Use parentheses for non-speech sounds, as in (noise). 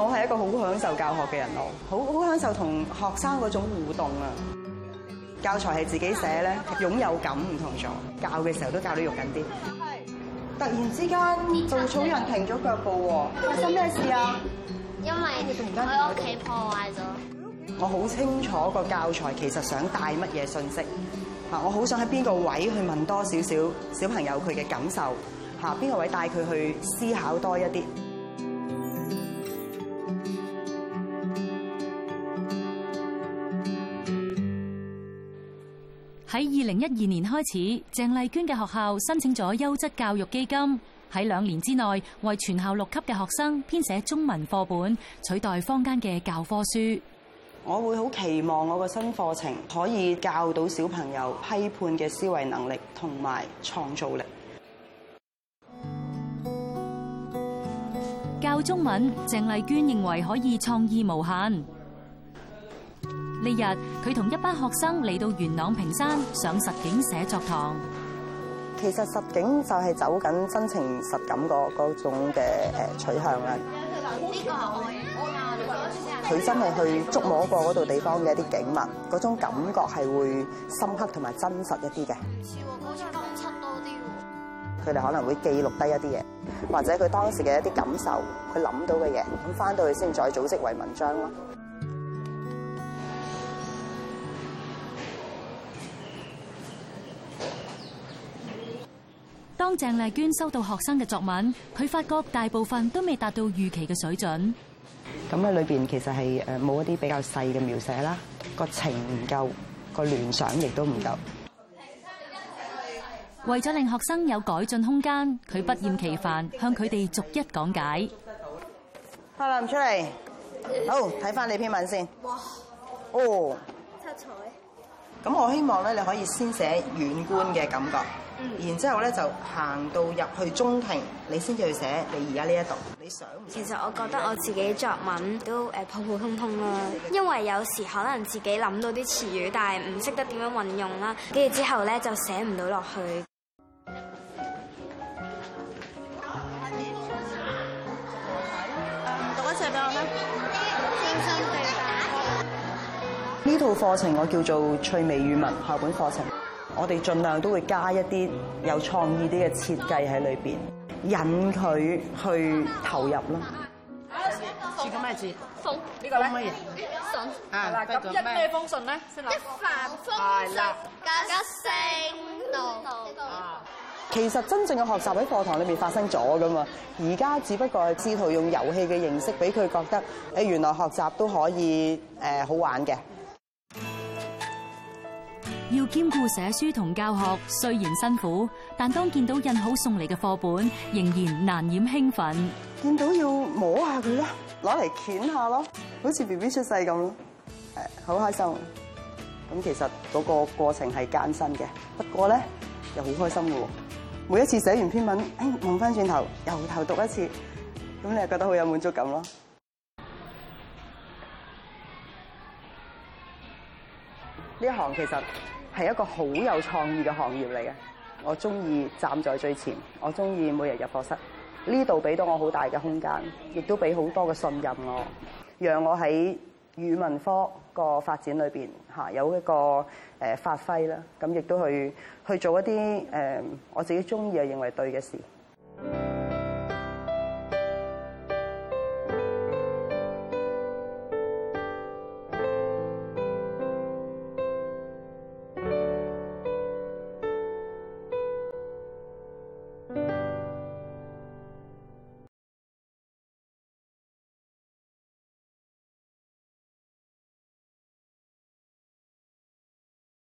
我係一個好享受教學嘅人咯，好好享受同學生嗰種互動啊！教材係自己寫咧，擁有感唔同咗。教嘅時候都教得肉緊啲。突然之間，做草人停咗腳步喎。發生咩事啊？因為佢喺屋企破壞咗。我好清楚個教材其實想帶乜嘢信息。嚇，我好想喺邊個位去問多少少小朋友佢嘅感受。嚇，邊個位帶佢去思考多一啲？喺二零一二年開始，鄭麗娟嘅學校申請咗優質教育基金，喺兩年之內為全校六級嘅學生編寫中文課本，取代坊間嘅教科書。我會好期望我個新課程可以教到小朋友批判嘅思維能力同埋創造力。教中文，鄭麗娟認為可以創意無限。呢日佢同一班學生嚟到元朗屏山上實景寫作堂。其實實景就係走緊真情實感嗰嗰種嘅誒取向啦。呢個係我呀，佢真係去觸摸過嗰度地方嘅一啲景物，嗰種感覺係會深刻同埋真實一啲嘅。唔知喎，好似感親多啲喎。佢哋可能會記錄低一啲嘢，或者佢當時嘅一啲感受，佢諗到嘅嘢，咁翻到去先再組織為文章咯。當鄭麗娟收到學生嘅作文，佢發覺大部分都未達到預期嘅水準。咁喺裏邊其實係誒冇一啲比較細嘅描寫啦，個情唔夠，個聯想亦都唔夠。為咗令學生有改進空間，佢不厭其煩向佢哋逐一講解。阿林出嚟，好，睇翻你篇文先。哇，哦，七彩。咁我希望咧，你可以先寫遠觀嘅感覺。然之後咧，就行到入去中庭，你先至去寫你而家呢一度。你想，想？其實我覺得我自己作文都誒普普通通啦，因為有時可能自己諗到啲詞語，但係唔識得點樣運用啦，跟住之後咧就寫唔到落去。讀個謝表啦！呢 (music) 套課程我叫做趣味語文校本課程。我哋盡量都會加一啲有創意啲嘅設計喺裏邊，引佢去投入咯。接個咩字？風呢個咧？信啊嗱咁一咩風信咧？一帆風順。係啦，吉星到。其實真正嘅學習喺課堂裏面發生咗噶嘛，而家只不過係試圖用遊戲嘅形式俾佢覺得，誒原來學習都可以誒好玩嘅。要兼顧寫書同教學，雖然辛苦，但當見到印好送嚟嘅課本，仍然難掩興奮。見到要摸下佢啦，攞嚟捲下咯，好似 B B 出世咁咯，誒，好開心。咁其實嗰個過程係艱辛嘅，不過咧又好開心嘅。每一次寫完篇文，誒，望翻轉頭，由頭讀一次，咁你係覺得好有滿足感咯。呢一行其實。係一個好有創意嘅行業嚟嘅，我中意站在最前，我中意每日入課室，呢度俾到我好大嘅空間，亦都俾好多嘅信任我，讓我喺語文科個發展裏邊嚇有一個誒發揮啦，咁亦都去去做一啲誒我自己中意又認為對嘅事。